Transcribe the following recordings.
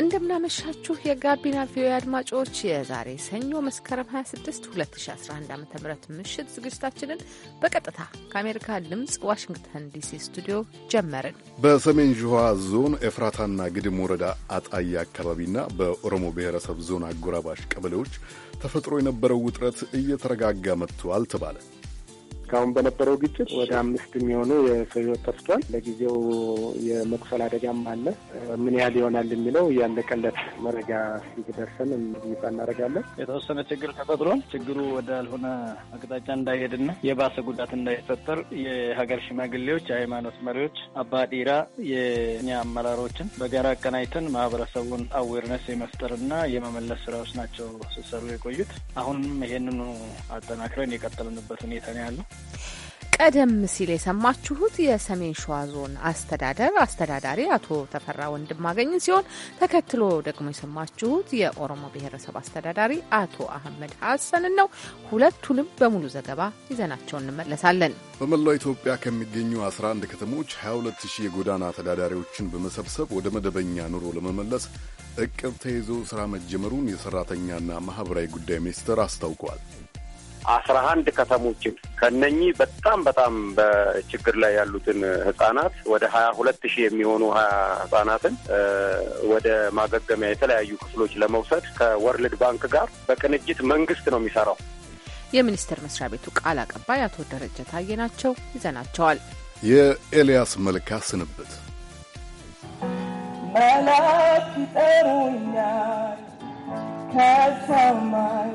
እንደምናመሻችሁ የጋቢና ቪዮ አድማጮች የዛሬ ሰኞ መስከረም 26 2011 ዓ ም ምሽት ዝግጅታችንን በቀጥታ ከአሜሪካ ድምፅ ዋሽንግተን ዲሲ ስቱዲዮ ጀመርን። በሰሜን ሸዋ ዞን ኤፍራታና ግድም ወረዳ አጣያ አካባቢና በኦሮሞ ብሔረሰብ ዞን አጎራባሽ ቀበሌዎች ተፈጥሮ የነበረው ውጥረት እየተረጋጋ መጥቷል ተባለ። እስካሁን በነበረው ግጭት ወደ አምስት የሚሆኑ የሰው ህይወት ጠፍቷል። ለጊዜው የመቁሰል አደጋም አለ። ምን ያህል ይሆናል የሚለው እያለቀለት መረጃ ሲደርሰን ይፋ እናደርጋለን። የተወሰነ ችግር ተፈጥሯል። ችግሩ ወዳልሆነ አቅጣጫ እንዳይሄድና የባሰ ጉዳት እንዳይፈጠር የሀገር ሽማግሌዎች፣ የሃይማኖት መሪዎች፣ አባዲራ የኛ አመራሮችን በጋራ አቀናይተን ማህበረሰቡን አዌርነስ የመፍጠርና የመመለስ ስራዎች ናቸው ሲሰሩ የቆዩት። አሁንም ይሄንኑ አጠናክረን የቀጠልንበት ሁኔታ ነው ያለው። ቀደም ሲል የሰማችሁት የሰሜን ሸዋ ዞን አስተዳደር አስተዳዳሪ አቶ ተፈራ ወንድማገኝ ሲሆን ተከትሎ ደግሞ የሰማችሁት የኦሮሞ ብሔረሰብ አስተዳዳሪ አቶ አህመድ ሀሰን ነው። ሁለቱንም በሙሉ ዘገባ ይዘናቸው እንመለሳለን። በመላው ኢትዮጵያ ከሚገኙ 11 ከተሞች 220 የጎዳና ተዳዳሪዎችን በመሰብሰብ ወደ መደበኛ ኑሮ ለመመለስ እቅድ ተይዞ ስራ መጀመሩን የሰራተኛና ማህበራዊ ጉዳይ ሚኒስቴር አስታውቋል። አስራ አንድ ከተሞችን ከነኚህ በጣም በጣም በችግር ላይ ያሉትን ህጻናት ወደ ሀያ ሁለት ሺህ የሚሆኑ ሀያ ህጻናትን ወደ ማገገሚያ የተለያዩ ክፍሎች ለመውሰድ ከወርልድ ባንክ ጋር በቅንጅት መንግስት ነው የሚሰራው። የሚኒስቴር መስሪያ ቤቱ ቃል አቀባይ አቶ ደረጀ ታየ ናቸው። ይዘናቸዋል። የኤልያስ መልካ ስንብት መላክ ይጠሩኛል ከሰማይ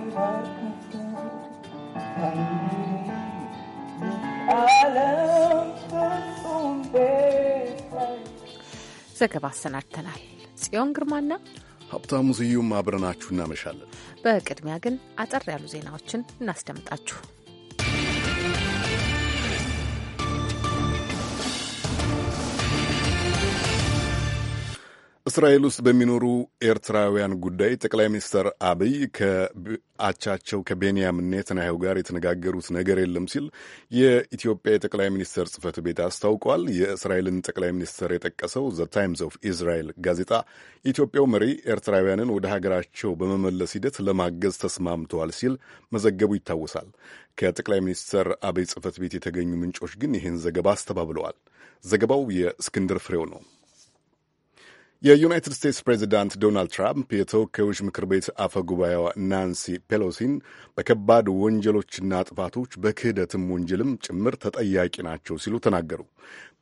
ዘገባ አሰናድተናል። ጽዮን ግርማና ሀብታሙ ስዩም አብረናችሁ እናመሻለን። በቅድሚያ ግን አጠር ያሉ ዜናዎችን እናስደምጣችሁ። እስራኤል ውስጥ በሚኖሩ ኤርትራውያን ጉዳይ ጠቅላይ ሚኒስትር አብይ ከአቻቸው ከቤንያም ኔታንያሁ ጋር የተነጋገሩት ነገር የለም ሲል የኢትዮጵያ የጠቅላይ ሚኒስትር ጽህፈት ቤት አስታውቋል። የእስራኤልን ጠቅላይ ሚኒስትር የጠቀሰው ዘ ታይምስ ኦፍ ኢዝራኤል ጋዜጣ የኢትዮጵያው መሪ ኤርትራውያንን ወደ ሀገራቸው በመመለስ ሂደት ለማገዝ ተስማምተዋል ሲል መዘገቡ ይታወሳል። ከጠቅላይ ሚኒስትር አብይ ጽህፈት ቤት የተገኙ ምንጮች ግን ይህን ዘገባ አስተባብለዋል። ዘገባው የእስክንድር ፍሬው ነው። የዩናይትድ ስቴትስ ፕሬዚዳንት ዶናልድ ትራምፕ የተወካዮች ምክር ቤት አፈ ጉባኤዋ ናንሲ ፔሎሲን በከባድ ወንጀሎችና ጥፋቶች በክህደትም ወንጀልም ጭምር ተጠያቂ ናቸው ሲሉ ተናገሩ።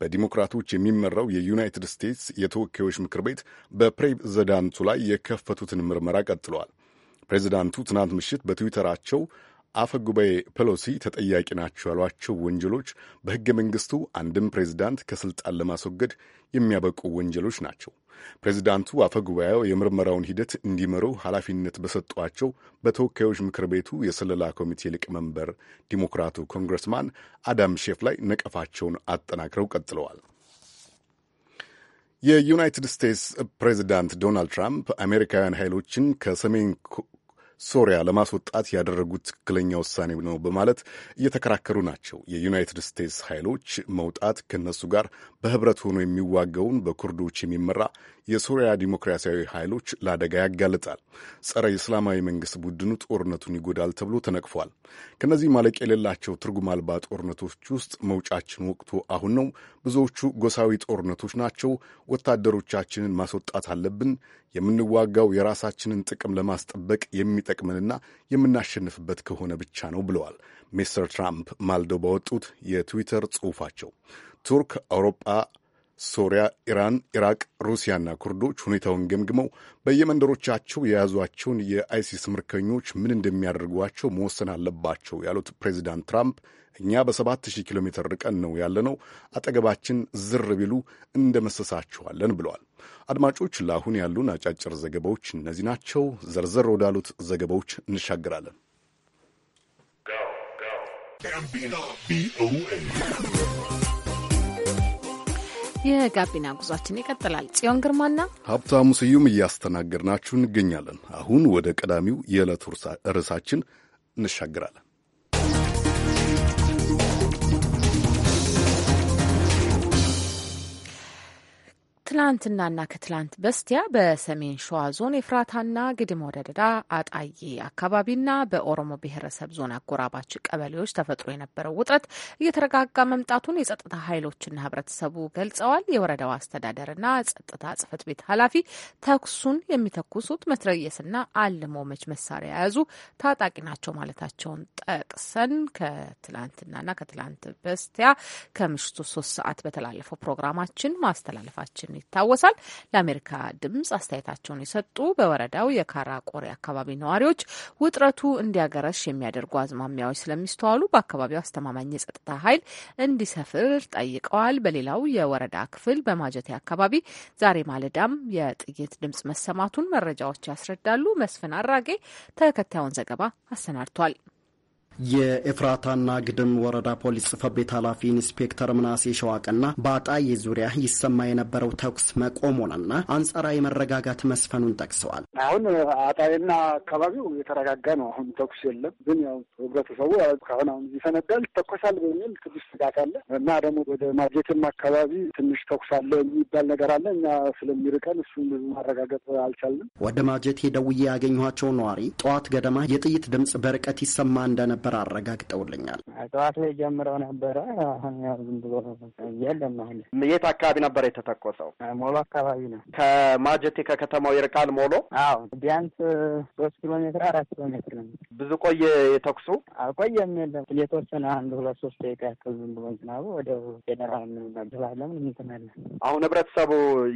በዲሞክራቶች የሚመራው የዩናይትድ ስቴትስ የተወካዮች ምክር ቤት በፕሬዚዳንቱ ላይ የከፈቱትን ምርመራ ቀጥለዋል። ፕሬዚዳንቱ ትናንት ምሽት በትዊተራቸው አፈ ጉባኤ ፔሎሲ ተጠያቂ ናቸው ያሏቸው ወንጀሎች በሕገ መንግሥቱ አንድም ፕሬዚዳንት ከስልጣን ለማስወገድ የሚያበቁ ወንጀሎች ናቸው። ፕሬዚዳንቱ አፈ ጉባኤው የምርመራውን ሂደት እንዲመሩ ኃላፊነት በሰጧቸው በተወካዮች ምክር ቤቱ የስለላ ኮሚቴ ሊቀመንበር ዲሞክራቱ ኮንግረስማን አዳም ሼፍ ላይ ነቀፋቸውን አጠናክረው ቀጥለዋል። የዩናይትድ ስቴትስ ፕሬዚዳንት ዶናልድ ትራምፕ አሜሪካውያን ኃይሎችን ከሰሜን ሶሪያ ለማስወጣት ያደረጉት ትክክለኛ ውሳኔ ነው በማለት እየተከራከሩ ናቸው። የዩናይትድ ስቴትስ ኃይሎች መውጣት ከነሱ ጋር በህብረት ሆኖ የሚዋገውን በኩርዶች የሚመራ የሶሪያ ዲሞክራሲያዊ ኃይሎች ለአደጋ ያጋልጣል፣ ጸረ እስላማዊ መንግስት ቡድኑ ጦርነቱን ይጎዳል ተብሎ ተነቅፏል። ከእነዚህ ማለቅ የሌላቸው ትርጉም አልባ ጦርነቶች ውስጥ መውጫችን ወቅቱ አሁን ነው። ብዙዎቹ ጎሳዊ ጦርነቶች ናቸው። ወታደሮቻችንን ማስወጣት አለብን። የምንዋጋው የራሳችንን ጥቅም ለማስጠበቅ የሚጠቅመንና የምናሸንፍበት ከሆነ ብቻ ነው ብለዋል ሚስተር ትራምፕ ማልደው ባወጡት የትዊተር ጽሑፋቸው ቱርክ አውሮጳ፣ ሶሪያ፣ ኢራን፣ ኢራቅ፣ ሩሲያና ኩርዶች ሁኔታውን ገምግመው በየመንደሮቻቸው የያዟቸውን የአይሲስ ምርኮኞች ምን እንደሚያደርጓቸው መወሰን አለባቸው ያሉት ፕሬዚዳንት ትራምፕ እኛ በሰባት ሺህ ኪሎ ሜትር ርቀን ነው ያለነው፣ አጠገባችን ዝር ቢሉ እንደመሰሳችኋለን ብለዋል። አድማጮች፣ ለአሁን ያሉን አጫጭር ዘገባዎች እነዚህ ናቸው። ዘርዘር ወዳሉት ዘገባዎች እንሻገራለን። ቪኦኤ የጋቢና ጉዟችን ይቀጥላል። ጽዮን ግርማና ሀብታሙ ስዩም እያስተናገድናችሁ እንገኛለን። አሁን ወደ ቀዳሚው የዕለት ርዕሳችን እንሻገራለን። ትላንትናና ከትላንት በስቲያ በሰሜን ሸዋ ዞን የፍራታና ግድም ወደደዳ አጣዬ አካባቢና በኦሮሞ ብሔረሰብ ዞን አጎራባች ቀበሌዎች ተፈጥሮ የነበረው ውጥረት እየተረጋጋ መምጣቱን የጸጥታ ኃይሎችና ህብረተሰቡ ገልጸዋል። የወረዳው አስተዳደርና ጸጥታ ጽህፈት ቤት ኃላፊ ተኩሱን የሚተኩሱት መትረየስና አልሞ መች መሳሪያ የያዙ ታጣቂ ናቸው ማለታቸውን ጠቅሰን ከትላንትናና ከትላንት በስቲያ ከምሽቱ ሶስት ሰዓት በተላለፈው ፕሮግራማችን ማስተላለፋችን ይታወሳል። ለአሜሪካ ድምጽ አስተያየታቸውን የሰጡ በወረዳው የካራ ቆሬ አካባቢ ነዋሪዎች ውጥረቱ እንዲያገረሽ የሚያደርጉ አዝማሚያዎች ስለሚስተዋሉ በአካባቢው አስተማማኝ የጸጥታ ኃይል እንዲሰፍር ጠይቀዋል። በሌላው የወረዳ ክፍል በማጀቴ አካባቢ ዛሬ ማለዳም የጥይት ድምጽ መሰማቱን መረጃዎች ያስረዳሉ። መስፍን አራጌ ተከታዩን ዘገባ አሰናድቷል። የኤፍራታና ግድም ወረዳ ፖሊስ ጽፈት ቤት ኃላፊ ኢንስፔክተር ምናሴ ሸዋቅና በአጣዬ ዙሪያ ይሰማ የነበረው ተኩስ መቆሙንና አንጻራዊ መረጋጋት መስፈኑን ጠቅሰዋል። አሁን አጣዬና አካባቢው የተረጋጋ ነው። አሁን ተኩስ የለም። ግን ያው ህብረተሰቡ ከአሁን አሁን ይፈነዳል፣ ይተኮሳል በሚል ትንሽ ስጋት አለ እና ደግሞ ወደ ማጀትም አካባቢ ትንሽ ተኩስ አለ የሚባል ነገር አለ። እኛ ስለሚርቀን እሱን ብዙ ማረጋገጥ አልቻልንም። ወደ ማጀቴ ደውዬ ያገኘኋቸው ነዋሪ ጠዋት ገደማ የጥይት ድምፅ በርቀት ይሰማ እንደነበር እንደነበር አረጋግጠውልኛል። ጠዋት ላይ ጀምረው ነበረ። አሁን ያው ዝም ብሎ የለም። አሁን የት አካባቢ ነበር የተተኮሰው? ሞሎ አካባቢ ነው። ከማጀቴ ከከተማው ይርቃል ሞሎ? አዎ ቢያንስ ሶስት ኪሎ ሜትር አራት ኪሎ ሜትር ነው። ብዙ ቆየ የተኩሱ? አልቆየም የለም የተወሰነ አንድ ሁለት ሶስት ደቂቃ ያክል ዝም ብሎ ዝናቡ ወደ ጀነራል ምንናድላለን ምንትናለ አሁን ህብረተሰቡ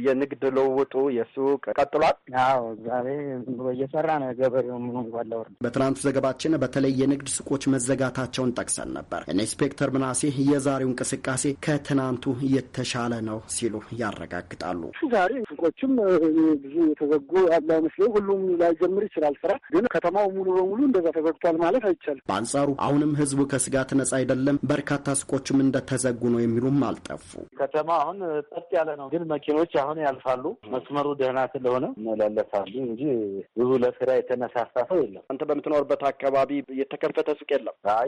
የንግድ ልውውጡ የሱቅ ቀጥሏል? አዎ ዛሬ ዝም ብሎ እየሰራ ነው። ገበሬው ምኑ ጓላወር በትናንቱ ዘገባችን በተለይ የንግድ ሱቆች መዘጋታቸውን ጠቅሰን ነበር። ኢንስፔክተር ምናሴ የዛሬው እንቅስቃሴ ከትናንቱ የተሻለ ነው ሲሉ ያረጋግጣሉ። ዛሬ ሱቆችም ብዙ የተዘጉ ያለ አይመስለኝም። ሁሉም ላይጀምር ይችላል ስራ፣ ግን ከተማው ሙሉ በሙሉ እንደዛ ተዘግቷል ማለት አይቻልም። በአንጻሩ አሁንም ህዝቡ ከስጋት ነጻ አይደለም፣ በርካታ ሱቆችም እንደተዘጉ ነው የሚሉም አልጠፉ። ከተማ አሁን ጸጥ ያለ ነው፣ ግን መኪኖች አሁን ያልፋሉ። መስመሩ ደህና ስለሆነ መላለሳሉ እንጂ ብዙ ለስራ የተነሳሳ ሰው የለም። አንተ በምትኖርበት አካባቢ የተከፈተ ሱቅ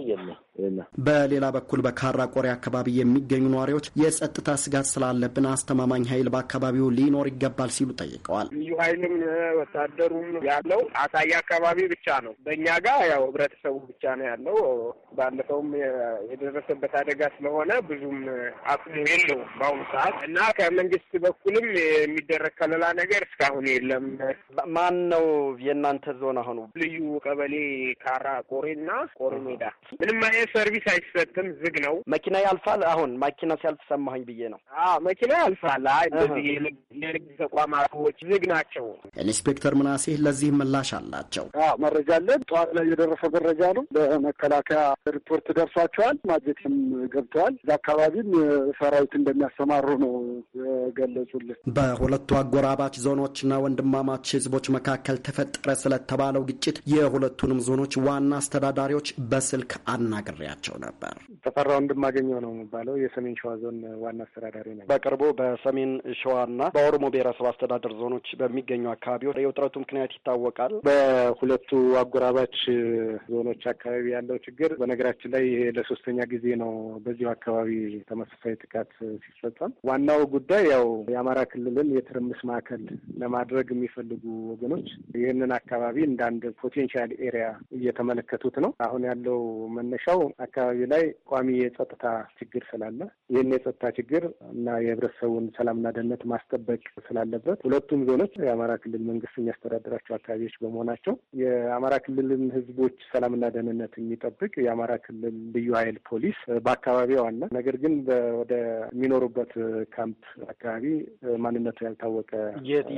የለም። አይ በሌላ በኩል በካራ ቆሬ አካባቢ የሚገኙ ነዋሪዎች የጸጥታ ስጋት ስላለብን አስተማማኝ ኃይል በአካባቢው ሊኖር ይገባል ሲሉ ጠይቀዋል። ልዩ ኃይልም ወታደሩም ያለው አሳያ አካባቢ ብቻ ነው። በእኛ ጋር ያው ህብረተሰቡ ብቻ ነው ያለው። ባለፈውም የደረሰበት አደጋ ስለሆነ ብዙም አቅሙ የለው በአሁኑ ሰዓት እና ከመንግስት በኩልም የሚደረግ ከለላ ነገር እስካሁን የለም። ማን ነው የእናንተ ዞን አሁኑ ልዩ ቀበሌ ካራ ቆሬና ጦር ሜዳ ምንም አይነት ሰርቪስ አይሰጥም፣ ዝግ ነው። መኪና ያልፋል። አሁን መኪና ሲያልፍ ሰማሁኝ ብዬ ነው። መኪና ያልፋል። እንደዚህ የንግድ ተቋማቶች ዝግ ናቸው። ኢንስፔክተር ምናሴ ለዚህ ምላሽ አላቸው። መረጃ አለን። ጠዋት ላይ የደረሰ መረጃ ነው። በመከላከያ ሪፖርት ደርሷቸዋል። ማጀትም ገብተዋል። እዛ አካባቢም ሰራዊት እንደሚያሰማሩ ነው የገለጹልን። በሁለቱ አጎራባች ዞኖችና ወንድማማች ህዝቦች መካከል ተፈጠረ ስለተባለው ግጭት የሁለቱንም ዞኖች ዋና አስተዳዳሪዎች በስልክ አናግሬያቸው ነበር። ተፈራ ወንድማገኘው ነው የሚባለው የሰሜን ሸዋ ዞን ዋና አስተዳዳሪ ነው። በቅርቡ በሰሜን ሸዋና በኦሮሞ ብሔረሰብ አስተዳደር ዞኖች በሚገኙ አካባቢዎች የውጥረቱ ምክንያት ይታወቃል። በሁለቱ አጎራባች ዞኖች አካባቢ ያለው ችግር በነገራችን ላይ ይሄ ለሶስተኛ ጊዜ ነው በዚሁ አካባቢ ተመሳሳይ ጥቃት ሲፈጸም። ዋናው ጉዳይ ያው የአማራ ክልልን የትርምስ ማዕከል ለማድረግ የሚፈልጉ ወገኖች ይህንን አካባቢ እንዳንድ ፖቴንሻል ኤሪያ እየተመለከቱት ነው አሁን ያለው መነሻው አካባቢ ላይ ቋሚ የጸጥታ ችግር ስላለ ይህን የጸጥታ ችግር እና የህብረተሰቡን ሰላምና ደህንነት ማስጠበቅ ስላለበት ሁለቱም ዞኖች የአማራ ክልል መንግስት የሚያስተዳድራቸው አካባቢዎች በመሆናቸው የአማራ ክልልን ህዝቦች ሰላምና ደህንነት የሚጠብቅ የአማራ ክልል ልዩ ኃይል ፖሊስ በአካባቢው አለ። ነገር ግን ወደ የሚኖሩበት ካምፕ አካባቢ ማንነቱ ያልታወቀ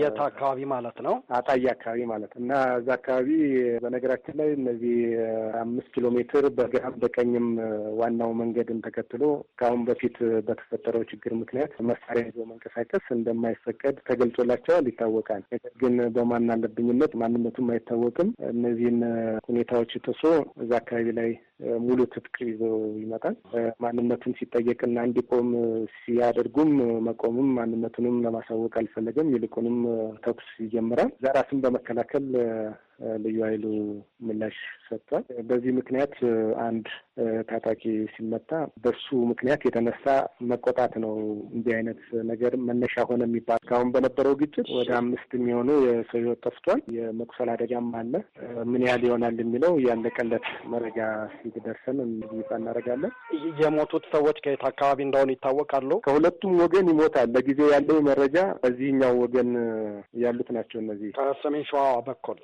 የት አካባቢ ማለት ነው አጣዬ አካባቢ ማለት እና እዛ አካባቢ በነገራችን ላይ እነዚህ አምስቱ ኪሎ ሜትር በግራም በቀኝም ዋናው መንገድን ተከትሎ ከአሁን በፊት በተፈጠረው ችግር ምክንያት መሳሪያ ይዞ መንቀሳቀስ እንደማይፈቀድ ተገልጾላቸዋል፣ ይታወቃል። ነገር ግን በማን ለብኝነት ማንነቱም አይታወቅም። እነዚህን ሁኔታዎች ጥሶ እዛ አካባቢ ላይ ሙሉ ትጥቅ ይዞ ይመጣል። ማንነቱን ሲጠየቅና እንዲቆም ሲያደርጉም መቆምም ማንነቱንም ለማሳወቅ አልፈለገም። ይልቁንም ተኩስ ይጀምራል። እዛ ራስን በመከላከል ልዩ ኃይሉ ምላሽ ሰጥቷል። በዚህ ምክንያት አንድ ታጣቂ ሲመታ በሱ ምክንያት የተነሳ መቆጣት ነው። እንዲህ አይነት ነገር መነሻ ሆነ የሚባል እስካሁን በነበረው ግጭት ወደ አምስት የሚሆኑ የሰው ጠፍቷል። የመቁሰል አደጋም አለ። ምን ያህል ይሆናል የሚለው ያለቀለት መረጃ ሲደርሰን ይፋ እናደርጋለን። የሞቱት ሰዎች ከየት አካባቢ እንደሆኑ ይታወቃሉ? ከሁለቱም ወገን ይሞታል። ለጊዜው ያለው መረጃ በዚህኛው ወገን ያሉት ናቸው። እነዚህ ከሰሜን ሸዋ በኩል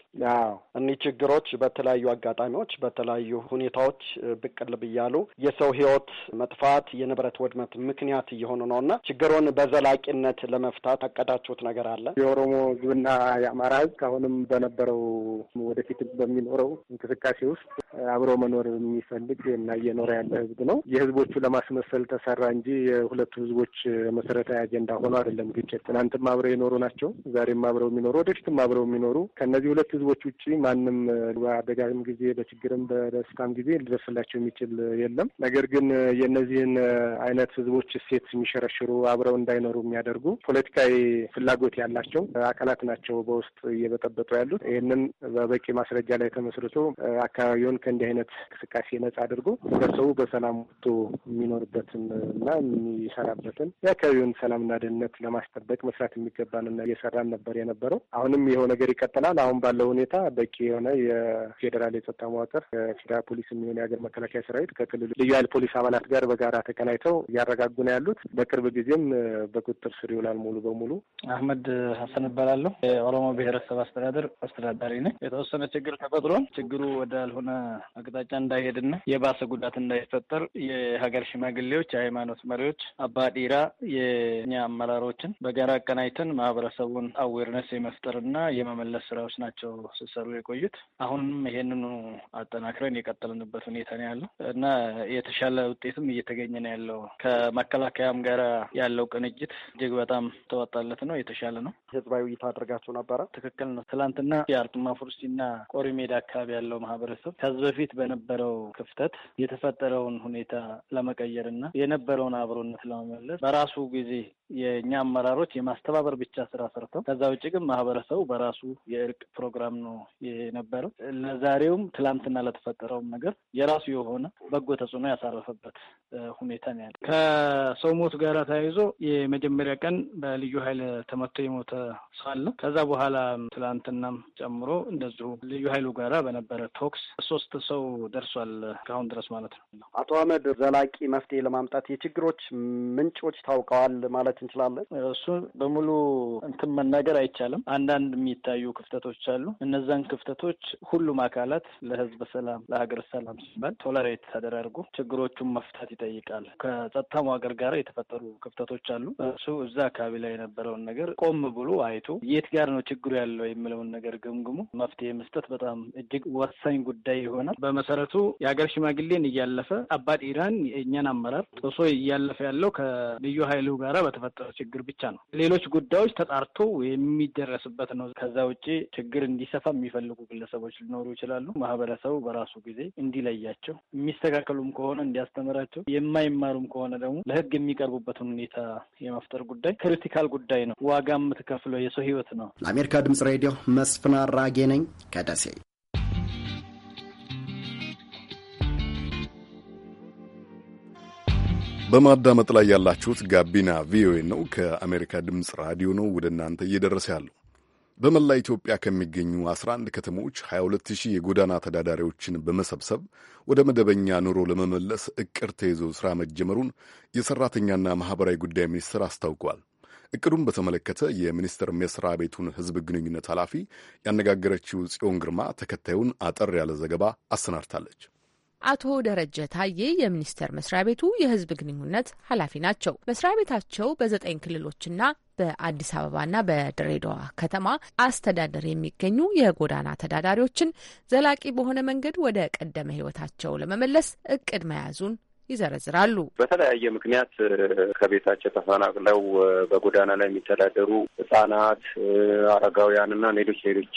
እኒህ ችግሮች በተለያዩ አጋጣሚዎች በተለያዩ ሁኔታዎች ብቅ ቅልብ እያሉ የሰው ህይወት መጥፋት የንብረት ወድመት ምክንያት እየሆኑ ነው እና ችግሩን በዘላቂነት ለመፍታት ያቀዳችሁት ነገር አለ? የኦሮሞ ሕዝብና የአማራ ህዝብ አሁንም በነበረው ወደፊት በሚኖረው እንቅስቃሴ ውስጥ አብሮ መኖር የሚፈልግ እና እየኖረ ያለ ህዝብ ነው። የህዝቦቹ ለማስመሰል ተሰራ እንጂ የሁለቱ ህዝቦች መሰረታዊ አጀንዳ ሆኖ አይደለም ግጭት። ትናንትም አብረው የኖሩ ናቸው፣ ዛሬም አብረው የሚኖሩ ወደፊትም አብረው የሚኖሩ ከእነዚህ ሁለት ህዝቦች ውጭ ማንም በአደጋም ጊዜ በችግርም በደስታም ጊዜ ሊደርስላቸው የሚ የሚችል የለም። ነገር ግን የእነዚህን አይነት ህዝቦች እሴት የሚሸረሽሩ አብረው እንዳይኖሩ የሚያደርጉ ፖለቲካዊ ፍላጎት ያላቸው አካላት ናቸው በውስጥ እየበጠበጡ ያሉት። ይህንን በበቂ ማስረጃ ላይ ተመስርቶ አካባቢውን ከእንዲህ አይነት እንቅስቃሴ ነጻ አድርጎ ህብረተሰቡ በሰላም ወጥቶ የሚኖርበትን እና የሚሰራበትን የአካባቢውን ሰላምና ደህንነት ለማስጠበቅ መስራት የሚገባንን እየሰራን ነበር የነበረው። አሁንም ይኸው ነገር ይቀጥላል። አሁን ባለው ሁኔታ በቂ የሆነ የፌዴራል የጸጥታ መዋቅር የፌዴራል ፖሊስ የሚሆን የሀገር መከላከያ ሰራዊት ከክልሉ ልዩ ኃይል ፖሊስ አባላት ጋር በጋራ ተቀናይተው እያረጋጉ ነው ያሉት። በቅርብ ጊዜም በቁጥጥር ስር ይውላል ሙሉ በሙሉ። አህመድ ሀሰን እባላለሁ። የኦሮሞ ብሔረሰብ አስተዳደር አስተዳዳሪ ነኝ። የተወሰነ ችግር ተፈጥሮ ችግሩ ወዳልሆነ አቅጣጫ እንዳይሄድና የባሰ ጉዳት እንዳይፈጠር የሀገር ሽማግሌዎች፣ የሃይማኖት መሪዎች፣ አባዲራ የኛ አመራሮችን በጋራ አቀናይተን ማህበረሰቡን አዌርነስ የመፍጠርና የመመለስ ስራዎች ናቸው ሲሰሩ የቆዩት። አሁንም ይሄንኑ አጠናክረን የቀጠልንበት ሁኔታ ነው ያለ። ነው እና የተሻለ ውጤትም እየተገኘ ነው ያለው። ከመከላከያም ጋር ያለው ቅንጅት እጅግ በጣም ተዋጣለት ነው፣ የተሻለ ነው። ህዝባዊ ውይይት አድርጋችሁ ነበረ? ትክክል ነው። ትላንትና የአርጡማ ፉርሲ እና ቆሪ ሜዳ አካባቢ ያለው ማህበረሰብ ከዚህ በፊት በነበረው ክፍተት የተፈጠረውን ሁኔታ ለመቀየር እና የነበረውን አብሮነት ለመመለስ በራሱ ጊዜ የእኛ አመራሮች የማስተባበር ብቻ ስራ ሰርተው ከዛ ውጭ ግን ማህበረሰቡ በራሱ የእርቅ ፕሮግራም ነው የነበረው። ለዛሬውም ትላንትና ለተፈጠረውም ነገር የራሱ የሆነ ስለሆነ በጎ ተጽዕኖ ያሳረፈበት ሁኔታ ያለ። ከሰው ሞት ጋር ተያይዞ የመጀመሪያ ቀን በልዩ ኃይል ተመቶ የሞተ ሰው አለ። ከዛ በኋላ ትላንትናም ጨምሮ እንደዚሁ ልዩ ኃይሉ ጋራ በነበረ ቶክስ ሶስት ሰው ደርሷል ከአሁን ድረስ ማለት ነው። አቶ አህመድ ዘላቂ መፍትሄ ለማምጣት የችግሮች ምንጮች ታውቀዋል ማለት እንችላለን? እሱ በሙሉ እንትን መናገር አይቻልም። አንዳንድ የሚታዩ ክፍተቶች አሉ። እነዛን ክፍተቶች ሁሉም አካላት ለህዝብ ሰላም፣ ለሀገር ሰላም ሲባል ቶላ ኮላቦሬት ተደራርጎ ችግሮቹን መፍታት ይጠይቃል። ከጸጥታ መዋቅር ጋር የተፈጠሩ ክፍተቶች አሉ። እሱ እዛ አካባቢ ላይ የነበረውን ነገር ቆም ብሎ አይቶ የት ጋር ነው ችግሩ ያለው የሚለውን ነገር ገምግሞ መፍትሄ መስጠት በጣም እጅግ ወሳኝ ጉዳይ ይሆናል። በመሰረቱ የሀገር ሽማግሌን እያለፈ አባት ኢራን የእኛን አመራር ጥሶ እያለፈ ያለው ከልዩ ኃይሉ ጋራ በተፈጠረ ችግር ብቻ ነው። ሌሎች ጉዳዮች ተጣርቶ የሚደረስበት ነው። ከዛ ውጭ ችግር እንዲሰፋ የሚፈልጉ ግለሰቦች ሊኖሩ ይችላሉ። ማህበረሰቡ በራሱ ጊዜ እንዲለያቸው የሚስተካከሉም ከሆነ እንዲያስተምራቸው፣ የማይማሩም ከሆነ ደግሞ ለህግ የሚቀርቡበትን ሁኔታ የመፍጠር ጉዳይ ክሪቲካል ጉዳይ ነው። ዋጋ የምትከፍለው የሰው ህይወት ነው። ለአሜሪካ ድምጽ ሬዲዮ መስፍን አራጌ ነኝ ከደሴ። በማዳመጥ ላይ ያላችሁት ጋቢና ቪኦኤ ነው። ከአሜሪካ ድምፅ ራዲዮ ነው ወደ እናንተ እየደረሰ ያለው። በመላ ኢትዮጵያ ከሚገኙ 11 ከተሞች 22000 የጎዳና ተዳዳሪዎችን በመሰብሰብ ወደ መደበኛ ኑሮ ለመመለስ እቅድ ተይዞ ሥራ መጀመሩን የሠራተኛና ማኅበራዊ ጉዳይ ሚኒስትር አስታውቋል። እቅዱን በተመለከተ የሚኒስቴር መስሪያ ቤቱን ሕዝብ ግንኙነት ኃላፊ ያነጋገረችው ጽዮን ግርማ ተከታዩን አጠር ያለ ዘገባ አሰናድታለች። አቶ ደረጀ ታዬ የሚኒስቴር መስሪያ ቤቱ የህዝብ ግንኙነት ኃላፊ ናቸው። መስሪያ ቤታቸው በዘጠኝ ክልሎችና በአዲስ አበባና በድሬዳዋ ከተማ አስተዳደር የሚገኙ የጎዳና ተዳዳሪዎችን ዘላቂ በሆነ መንገድ ወደ ቀደመ ህይወታቸው ለመመለስ እቅድ መያዙን ይዘረዝራሉ። በተለያየ ምክንያት ከቤታቸው ተፈናቅለው በጎዳና ላይ የሚተዳደሩ ህጻናት፣ አረጋውያን ና ሌሎች ሌሎች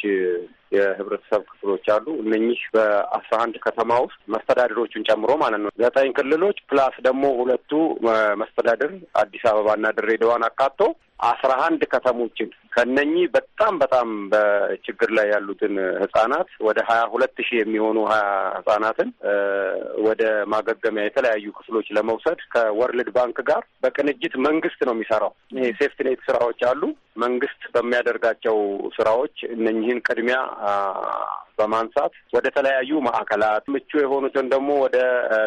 የህብረተሰብ ክፍሎች አሉ። እነኚህ በአስራ አንድ ከተማ ውስጥ መስተዳድሮቹን ጨምሮ ማለት ነው ዘጠኝ ክልሎች ፕላስ ደግሞ ሁለቱ መስተዳድር አዲስ አበባና ድሬዳዋን አካቶ አስራ አንድ ከተሞችን ከነኚህ በጣም በጣም በችግር ላይ ያሉትን ህጻናት ወደ ሀያ ሁለት ሺህ የሚሆኑ ሀያ ህጻናትን ወደ ማገገሚያ የተለያዩ ክፍሎች ለመውሰድ ከወርልድ ባንክ ጋር በቅንጅት መንግስት ነው የሚሰራው። ይሄ ሴፍትኔት ስራዎች አሉ። መንግስት በሚያደርጋቸው ስራዎች እነኚህን ቅድሚያ በማንሳት ወደ ተለያዩ ማዕከላት ምቹ የሆኑትን ደግሞ ወደ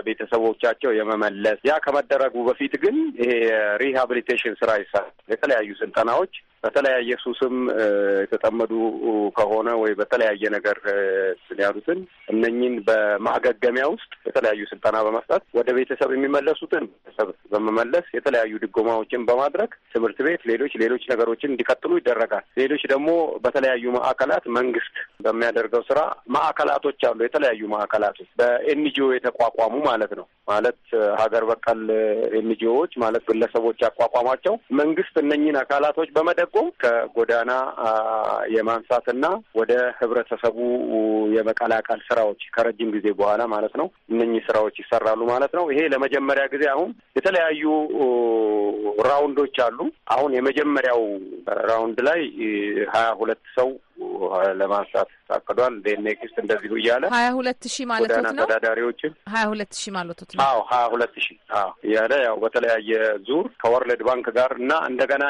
ቤተሰቦቻቸው የመመለስ ያ ከመደረጉ በፊት ግን ይሄ የሪሃብሊቴሽን ስራ ይሰራል። የተለያዩ ስልጠናዎች በተለያየ ሱስም የተጠመዱ ከሆነ ወይ በተለያየ ነገር ያሉትን እነኝን በማገገሚያ ውስጥ የተለያዩ ስልጠና በመስጠት ወደ ቤተሰብ የሚመለሱትን ቤተሰብ በመመለስ የተለያዩ ድጎማዎችን በማድረግ ትምህርት ቤት፣ ሌሎች ሌሎች ነገሮችን እንዲቀጥሉ ይደረጋል። ሌሎች ደግሞ በተለያዩ ማዕከላት መንግስት በሚያደርገው ስራ ማዕከላቶች አሉ። የተለያዩ ማዕከላቶች በኤንጂኦ የተቋቋሙ ማለት ነው። ማለት ሀገር በቀል ኤንጂኦዎች ማለት ግለሰቦች ያቋቋሟቸው መንግስት እነኝን አካላቶች በመደብ ተደርጎ ከጎዳና የማንሳትና ወደ ህብረተሰቡ የመቀላቀል ስራዎች ከረጅም ጊዜ በኋላ ማለት ነው እነኚህ ስራዎች ይሰራሉ ማለት ነው። ይሄ ለመጀመሪያ ጊዜ አሁን የተለያዩ ራውንዶች አሉ። አሁን የመጀመሪያው ራውንድ ላይ ሀያ ሁለት ሰው ለማንሳት ታቅዷል። ኔክስት እንደዚሁ እያለ ሀያ ሁለት ሺህ ማለት ነው ተዳዳሪዎችን ሀያ ሁለት ሺህ ማለት ነው። አዎ ሀያ ሁለት ሺህ አዎ እያለ ያው በተለያየ ዙር ከወርልድ ባንክ ጋር እና እንደገና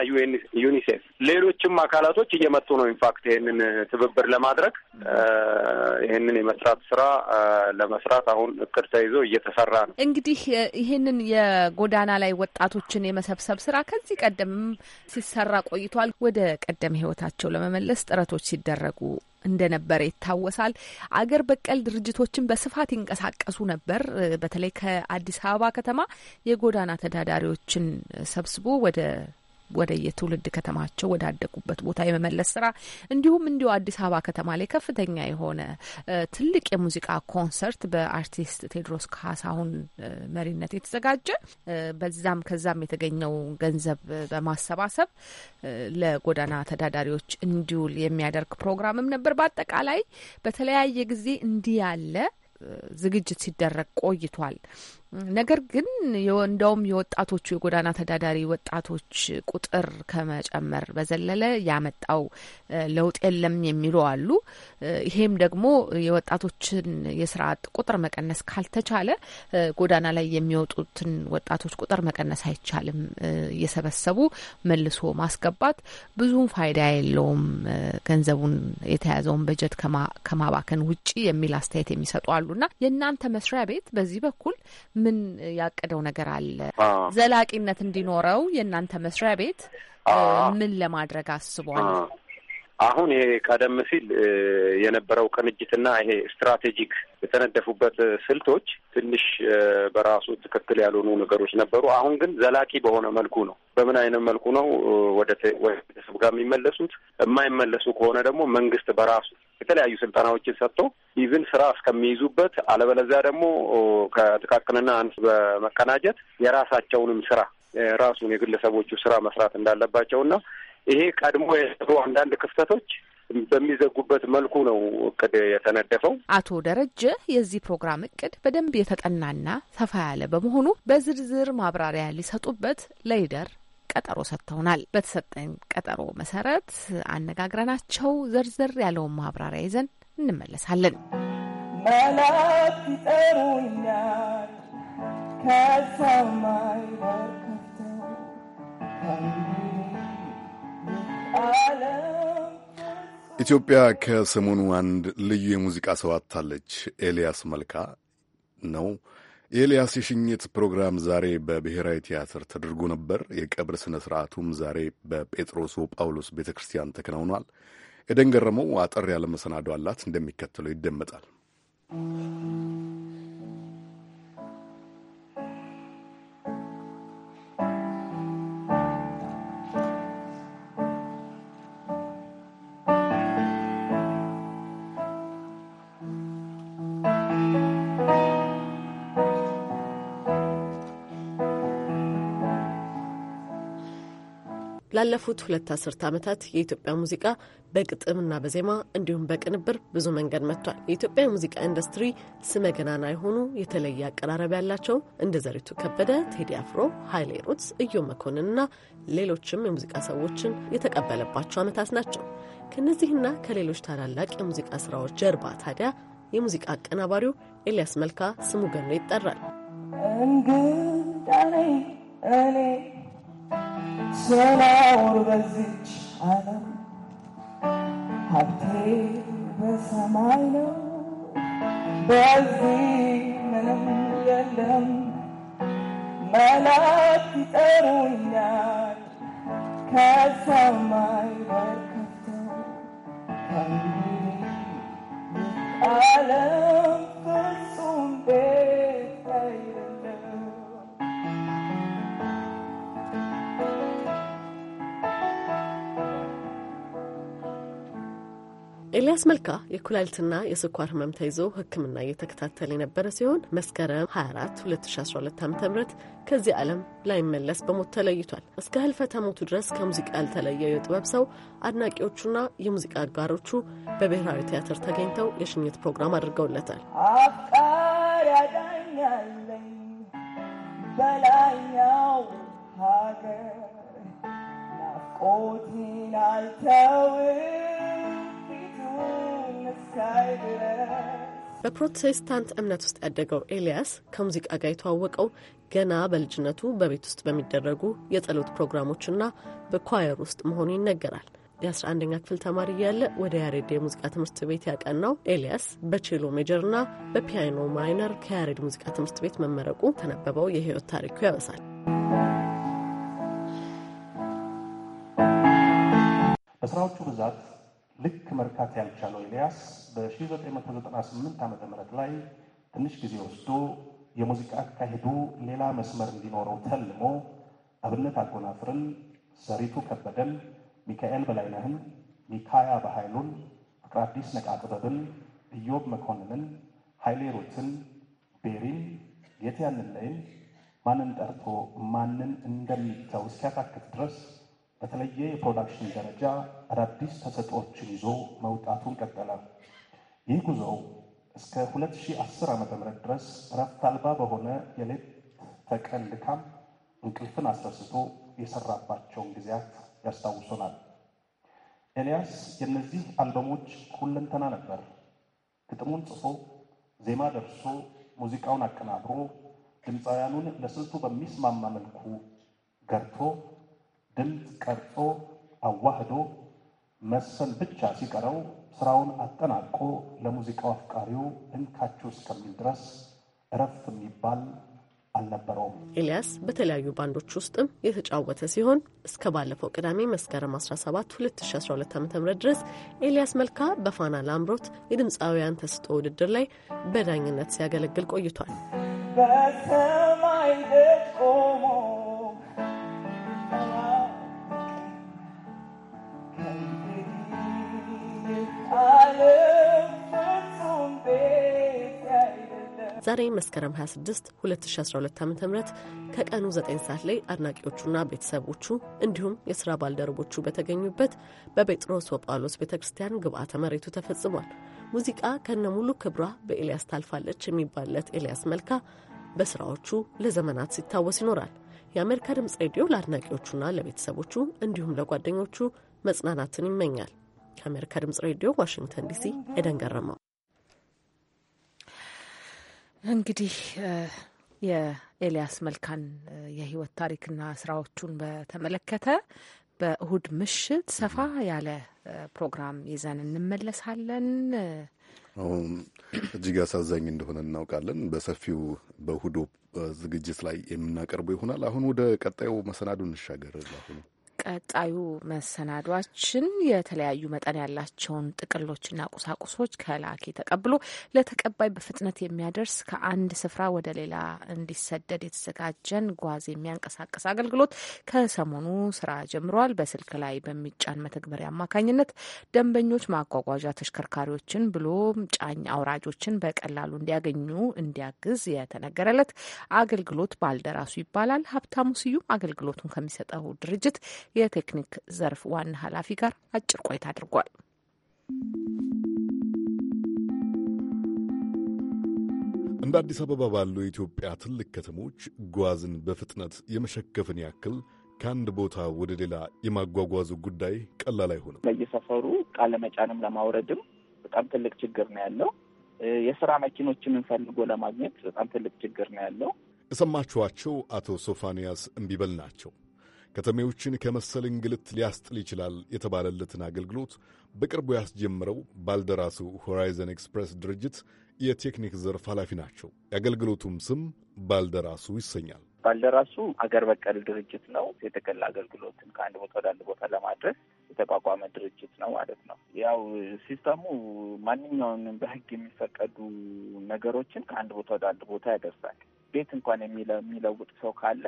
ዩኒሴፍ ሌሎችም አካላቶች እየመጡ ነው። ኢንፋክት ይህንን ትብብር ለማድረግ ይህንን የመስራት ስራ ለመስራት አሁን እቅድ ተይዞ እየተሰራ ነው። እንግዲህ ይህንን የጎዳና ላይ ወጣቶችን የመሰብሰብ ስራ ከዚህ ቀደምም ሲሰራ ቆይቷል። ወደ ቀደም ህይወታቸው ለመመለስ ጥረቶች ይደረጉ እንደነበረ ይታወሳል። አገር በቀል ድርጅቶችን በስፋት ይንቀሳቀሱ ነበር። በተለይ ከአዲስ አበባ ከተማ የጎዳና ተዳዳሪዎችን ሰብስቦ ወደ ወደ የትውልድ ከተማቸው ወዳደጉበት ቦታ የመመለስ ስራ እንዲሁም እንዲሁ አዲስ አበባ ከተማ ላይ ከፍተኛ የሆነ ትልቅ የሙዚቃ ኮንሰርት በአርቲስት ቴዎድሮስ ካሳሁን መሪነት የተዘጋጀ በዛም ከዛም የተገኘው ገንዘብ በማሰባሰብ ለጎዳና ተዳዳሪዎች እንዲውል የሚያደርግ ፕሮግራምም ነበር። በአጠቃላይ በተለያየ ጊዜ እንዲህ ያለ ዝግጅት ሲደረግ ቆይቷል። ነገር ግን እንደውም የወጣቶቹ የጎዳና ተዳዳሪ ወጣቶች ቁጥር ከመጨመር በዘለለ ያመጣው ለውጥ የለም የሚሉ አሉ። ይሄም ደግሞ የወጣቶችን የስራ አጥ ቁጥር መቀነስ ካልተቻለ ጎዳና ላይ የሚወጡትን ወጣቶች ቁጥር መቀነስ አይቻልም። እየሰበሰቡ መልሶ ማስገባት ብዙም ፋይዳ የለውም፣ ገንዘቡን የተያዘውን በጀት ከማባከን ውጪ የሚል አስተያየት የሚሰጡ አሉና የእናንተ መስሪያ ቤት በዚህ በኩል ምን ያቀደው ነገር አለ? ዘላቂነት እንዲኖረው የእናንተ መስሪያ ቤት ምን ለማድረግ አስቧል? አሁን ይሄ ቀደም ሲል የነበረው ቅንጅትና ይሄ ስትራቴጂክ የተነደፉበት ስልቶች ትንሽ በራሱ ትክክል ያልሆኑ ነገሮች ነበሩ። አሁን ግን ዘላቂ በሆነ መልኩ ነው። በምን አይነት መልኩ ነው ወደ ቤተሰብ ጋር የሚመለሱት? የማይመለሱ ከሆነ ደግሞ መንግስት በራሱ የተለያዩ ስልጠናዎችን ሰጥቶ ኢቭን ስራ እስከሚይዙበት አለበለዚያ ደግሞ ከጥቃቅንና አንስ በመቀናጀት የራሳቸውንም ስራ ራሱን የግለሰቦቹ ስራ መስራት እንዳለባቸውና ይሄ ቀድሞ የሰሩ አንዳንድ ክፍተቶች በሚዘጉበት መልኩ ነው እቅድ የተነደፈው። አቶ ደረጀ የዚህ ፕሮግራም እቅድ በደንብ የተጠናና ሰፋ ያለ በመሆኑ በዝርዝር ማብራሪያ ሊሰጡበት ለይደር ቀጠሮ ሰጥተውናል። በተሰጠኝ ቀጠሮ መሰረት አነጋግረናቸው ዘርዘር ያለውን ማብራሪያ ይዘን እንመለሳለን። ይጠሩኛል ከሰማይ ኢትዮጵያ ከሰሞኑ አንድ ልዩ የሙዚቃ ሰው አጥታለች። ኤልያስ መልካ ነው የኤልያስ የሽኝት ፕሮግራም ዛሬ በብሔራዊ ቲያትር ተደርጎ ነበር። የቀብር ስነ ሥርዓቱም ዛሬ በጴጥሮስ ጳውሎስ ቤተ ክርስቲያን ተከናውኗል። ኤደን ገረመው አጠር ያለ መሰናዶ አላት፣ እንደሚከተለው ይደመጣል። ላለፉት ሁለት አስርት ዓመታት የኢትዮጵያ ሙዚቃ በግጥምና በዜማ እንዲሁም በቅንብር ብዙ መንገድ መጥቷል። የኢትዮጵያ የሙዚቃ ኢንዱስትሪ ስመገናና የሆኑ የተለየ አቀራረብ ያላቸው እንደ ዘሪቱ ከበደ፣ ቴዲ አፍሮ፣ ሀይሌ ሮትስ፣ እዮ መኮንንና ሌሎችም የሙዚቃ ሰዎችን የተቀበለባቸው ዓመታት ናቸው። ከእነዚህና ከሌሎች ታላላቅ የሙዚቃ ስራዎች ጀርባ ታዲያ የሙዚቃ አቀናባሪው ኤልያስ መልካ ስሙ ገኖ ይጠራል። እኔ ስላውር በዚች ዓለም ሀብቴ በሰማይ ነው፣ በዚህ ምንም የለም። መላእክት ይጠሩኛል ከሰማይ በርከፍተው ከሚል ፍጹም ቤት ኤልያስ መልካ የኩላሊትና የስኳር ህመም ተይዞ ሕክምና እየተከታተለ የነበረ ሲሆን መስከረም 24 2012 ዓ ም ከዚህ ዓለም ላይመለስ በሞት ተለይቷል። እስከ ህልፈተ ሞቱ ድረስ ከሙዚቃ ያልተለየው የጥበብ ሰው አድናቂዎቹና የሙዚቃ አጋሮቹ በብሔራዊ ቲያትር ተገኝተው የሽኝት ፕሮግራም አድርገውለታል። ያዳኛለኝ በላይኛው ሀገር ናፍቆቴን አልተውም በፕሮቴስታንት እምነት ውስጥ ያደገው ኤልያስ ከሙዚቃ ጋር የተዋወቀው ገና በልጅነቱ በቤት ውስጥ በሚደረጉ የጸሎት ፕሮግራሞችና በኳየር ውስጥ መሆኑ ይነገራል። የ11ኛ ክፍል ተማሪ እያለ ወደ ያሬድ የሙዚቃ ትምህርት ቤት ያቀናው ኤልያስ በቼሎ ሜጀርና በፒያኖ ማይነር ከያሬድ ሙዚቃ ትምህርት ቤት መመረቁ ተነበበው የህይወት ታሪኩ ያበሳል። በስራዎቹ ብዛት ልክ መርካት ያልቻለው ኤልያስ በ1998 ዓ ም ላይ ትንሽ ጊዜ ወስዶ የሙዚቃ አካሄዱ ሌላ መስመር እንዲኖረው ተልሞ አብነት አጎናፍርን፣ ዘሪቱ ከበደን፣ ሚካኤል በላይነህን፣ ሚካያ በኃይሉን፣ ፍቅረ አዲስ ጥበብን ኢዮብ መኮንንን፣ ኃይሌ ሩትን፣ ቤሪን፣ ጌትያንለይን ማንን ጠርቶ ማንን እንደሚተው እስኪያታክት ድረስ በተለየ የፕሮዳክሽን ደረጃ አዳዲስ ተሰጥኦዎችን ይዞ መውጣቱን ቀጠለ። ይህ ጉዞው እስከ 2010 ዓ ም ድረስ እረፍት አልባ በሆነ የሌት ተቀን ድካም እንቅልፍን አስረስቶ የሰራባቸውን ጊዜያት ያስታውሶናል። ኤልያስ የእነዚህ አልበሞች ሁለንተና ነበር። ግጥሙን ጽፎ፣ ዜማ ደርሶ፣ ሙዚቃውን አቀናብሮ፣ ድምፃውያኑን ለስልቱ በሚስማማ መልኩ ገርቶ ድል ቀርጾ አዋህዶ መሰል ብቻ ሲቀረው ስራውን አጠናቆ ለሙዚቃው አፍቃሪው እንካችሁ እስከሚል ድረስ እረፍት የሚባል አልነበረውም። ኤልያስ በተለያዩ ባንዶች ውስጥም የተጫወተ ሲሆን እስከ ባለፈው ቅዳሜ መስከረም 17 2012 ዓ ም ድረስ ኤልያስ መልካ በፋና ላምሮት የድምፃውያን ተስጦ ውድድር ላይ በዳኝነት ሲያገለግል ቆይቷል። በሰማይ ዛሬ መስከረም 26 2012 ዓ ም ከቀኑ 9 ሰዓት ላይ አድናቂዎቹና ቤተሰቦቹ እንዲሁም የሥራ ባልደረቦቹ በተገኙበት በጴጥሮስ ወጳውሎስ ቤተ ክርስቲያን ግብአተ መሬቱ ተፈጽሟል። ሙዚቃ ከነ ሙሉ ክብሯ በኤልያስ ታልፋለች የሚባልለት ኤልያስ መልካ በሥራዎቹ ለዘመናት ሲታወስ ይኖራል። የአሜሪካ ድምፅ ሬዲዮ ለአድናቂዎቹና ለቤተሰቦቹ እንዲሁም ለጓደኞቹ መጽናናትን ይመኛል። ከአሜሪካ ድምፅ ሬዲዮ ዋሽንግተን ዲሲ ኤደን ገረመው እንግዲህ የኤልያስ መልካን የህይወት ታሪክና ስራዎቹን በተመለከተ በእሁድ ምሽት ሰፋ ያለ ፕሮግራም ይዘን እንመለሳለን። እጅግ አሳዛኝ እንደሆነ እናውቃለን። በሰፊው በእሁዱ ዝግጅት ላይ የምናቀርበው ይሆናል። አሁን ወደ ቀጣዩ መሰናዱ እንሻገር። ቀጣዩ መሰናዷችን የተለያዩ መጠን ያላቸውን ጥቅሎችና ቁሳቁሶች ከላኪ ተቀብሎ ለተቀባይ በፍጥነት የሚያደርስ ከአንድ ስፍራ ወደ ሌላ እንዲሰደድ የተዘጋጀን ጓዝ የሚያንቀሳቀስ አገልግሎት ከሰሞኑ ስራ ጀምሯል። በስልክ ላይ በሚጫን መተግበሪያ አማካኝነት ደንበኞች ማጓጓዣ ተሽከርካሪዎችን ብሎም ጫኝ አውራጆችን በቀላሉ እንዲያገኙ እንዲያግዝ የተነገረለት አገልግሎት ባልደራሱ ይባላል። ሀብታሙ ስዩም አገልግሎቱን ከሚሰጠው ድርጅት የቴክኒክ ዘርፍ ዋና ኃላፊ ጋር አጭር ቆይታ አድርጓል። እንደ አዲስ አበባ ባሉ የኢትዮጵያ ትልቅ ከተሞች ጓዝን በፍጥነት የመሸከፍን ያክል ከአንድ ቦታ ወደ ሌላ የማጓጓዙ ጉዳይ ቀላል አይሆንም። በየሰፈሩ ቃለመጫንም ለማውረድም በጣም ትልቅ ችግር ነው ያለው። የስራ መኪኖችን ፈልጎ ለማግኘት በጣም ትልቅ ችግር ነው ያለው። የሰማችኋቸው አቶ ሶፋንያስ እምቢበል ናቸው። ከተሜዎችን ከመሰል እንግልት ሊያስጥል ይችላል የተባለለትን አገልግሎት በቅርቡ ያስጀምረው ባልደራሱ ሆራይዘን ኤክስፕሬስ ድርጅት የቴክኒክ ዘርፍ ኃላፊ ናቸው። የአገልግሎቱም ስም ባልደራሱ ይሰኛል። ባልደራሱ አገር በቀል ድርጅት ነው። የጥቅል አገልግሎትን ከአንድ ቦታ ወደ አንድ ቦታ ለማድረስ የተቋቋመ ድርጅት ነው ማለት ነው። ያው ሲስተሙ ማንኛውንም በሕግ የሚፈቀዱ ነገሮችን ከአንድ ቦታ ወደ አንድ ቦታ ያደርሳል። ቤት እንኳን የሚለውጥ ሰው ካለ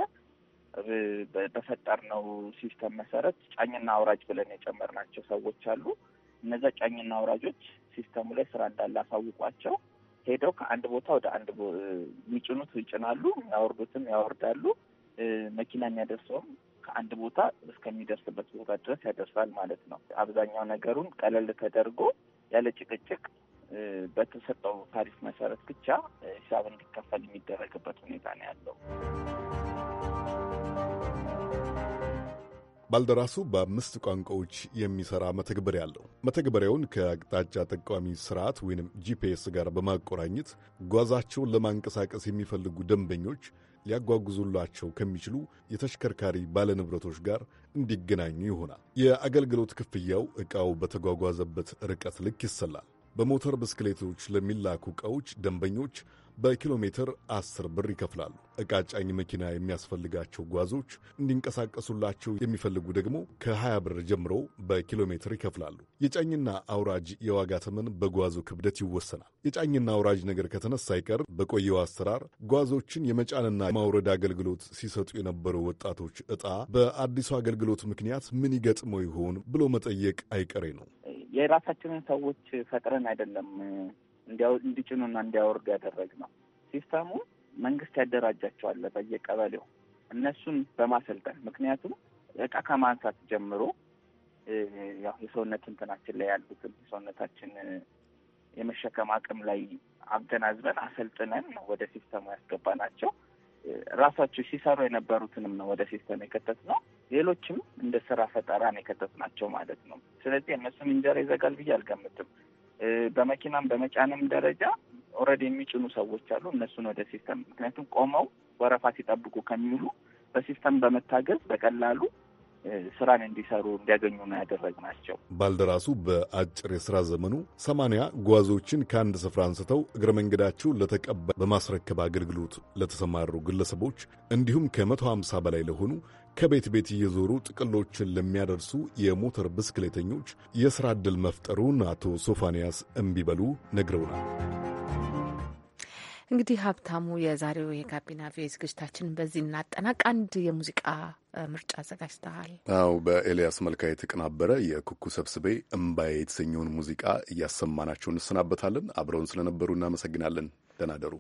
በፈጠርነው ሲስተም መሰረት ጫኝና አውራጅ ብለን የጨመርናቸው ሰዎች አሉ። እነዛ ጫኝና አውራጆች ሲስተሙ ላይ ስራ እንዳለ አሳውቋቸው ሄደው ከአንድ ቦታ ወደ አንድ የሚጭኑት ይጭናሉ፣ የሚያወርዱትም ያወርዳሉ። መኪና የሚያደርሰውም ከአንድ ቦታ እስከሚደርስበት ቦታ ድረስ ያደርሳል ማለት ነው። አብዛኛው ነገሩን ቀለል ተደርጎ ያለ ጭቅጭቅ በተሰጠው ታሪፍ መሰረት ብቻ ሂሳብ እንዲከፈል የሚደረግበት ሁኔታ ነው ያለው። ባልደራሱ በአምስት ቋንቋዎች የሚሰራ መተግበሪያ አለው። መተግበሪያውን ከአቅጣጫ ጠቋሚ ስርዓት ወይም ጂፒኤስ ጋር በማቆራኘት ጓዛቸውን ለማንቀሳቀስ የሚፈልጉ ደንበኞች ሊያጓጉዙላቸው ከሚችሉ የተሽከርካሪ ባለንብረቶች ጋር እንዲገናኙ ይሆናል። የአገልግሎት ክፍያው ዕቃው በተጓጓዘበት ርቀት ልክ ይሰላል። በሞተር ብስክሌቶች ለሚላኩ ዕቃዎች ደንበኞች በኪሎ ሜትር 10 ብር ይከፍላሉ። እቃጫኝ ጫኝ መኪና የሚያስፈልጋቸው ጓዞች እንዲንቀሳቀሱላቸው የሚፈልጉ ደግሞ ከ20 ብር ጀምሮ በኪሎ ሜትር ይከፍላሉ። የጫኝና አውራጅ የዋጋ ተመን በጓዙ ክብደት ይወሰናል። የጫኝና አውራጅ ነገር ከተነሳ አይቀር በቆየው አሰራር ጓዞችን የመጫንና የማውረድ አገልግሎት ሲሰጡ የነበሩ ወጣቶች እጣ በአዲሱ አገልግሎት ምክንያት ምን ይገጥመው ይሆን ብሎ መጠየቅ አይቀሬ ነው። የራሳችንን ሰዎች ፈጥረን አይደለም እንዲጭኑና እንዲያወርዱ ያደረግ ነው። ሲስተሙ መንግስት ያደራጃቸዋል በየቀበሌው እነሱን በማሰልጠን ምክንያቱም እቃ ከማንሳት ጀምሮ ያው የሰውነት እንትናችን ላይ ያሉትን የሰውነታችን የመሸከም አቅም ላይ አገናዝበን አሰልጥነን ወደ ሲስተሙ ናቸው። ራሳቸው ሲሰሩ የነበሩትንም ነው ወደ ሲስተም የከተት ነው። ሌሎችም እንደ ስራ ፈጠራን የከተት ናቸው ማለት ነው። ስለዚህ እነሱን እንጀራ ይዘጋል ብዬ አልገምትም። በመኪናም በመጫንም ደረጃ ኦልሬዲ የሚጭኑ ሰዎች አሉ። እነሱን ወደ ሲስተም ምክንያቱም ቆመው ወረፋ ሲጠብቁ ከሚውሉ በሲስተም በመታገዝ በቀላሉ ስራን እንዲሰሩ እንዲያገኙ ነው ያደረግናቸው። ባልደራሱ በአጭር የስራ ዘመኑ ሰማንያ ጓዞችን ከአንድ ስፍራ አንስተው እግረ መንገዳቸው ለተቀባይ በማስረከብ አገልግሎት ለተሰማሩ ግለሰቦች እንዲሁም ከመቶ ምሳ በላይ ለሆኑ ከቤት ቤት እየዞሩ ጥቅሎችን ለሚያደርሱ የሞተር ብስክሌተኞች የሥራ ዕድል መፍጠሩን አቶ ሶፋንያስ እምቢበሉ ነግረውናል። እንግዲህ ሀብታሙ፣ የዛሬው የጋቢና ቪ ዝግጅታችን በዚህ እናጠናቅ። አንድ የሙዚቃ ምርጫ አዘጋጅተሃል? አዎ፣ በኤልያስ መልካ የተቀናበረ የኩኩ ሰብስቤ እምባዬ የተሰኘውን ሙዚቃ እያሰማናቸው እንሰናበታለን። አብረውን ስለነበሩ እናመሰግናለን። ደህና ደሩ።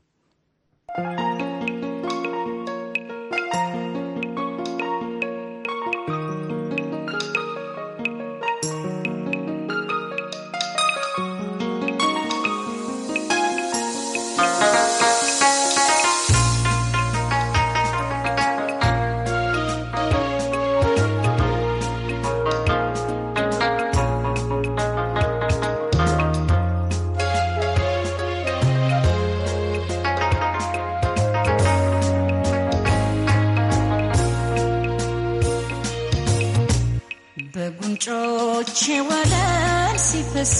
ጮቼ ወላል ሲፈስ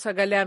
Rosa Galea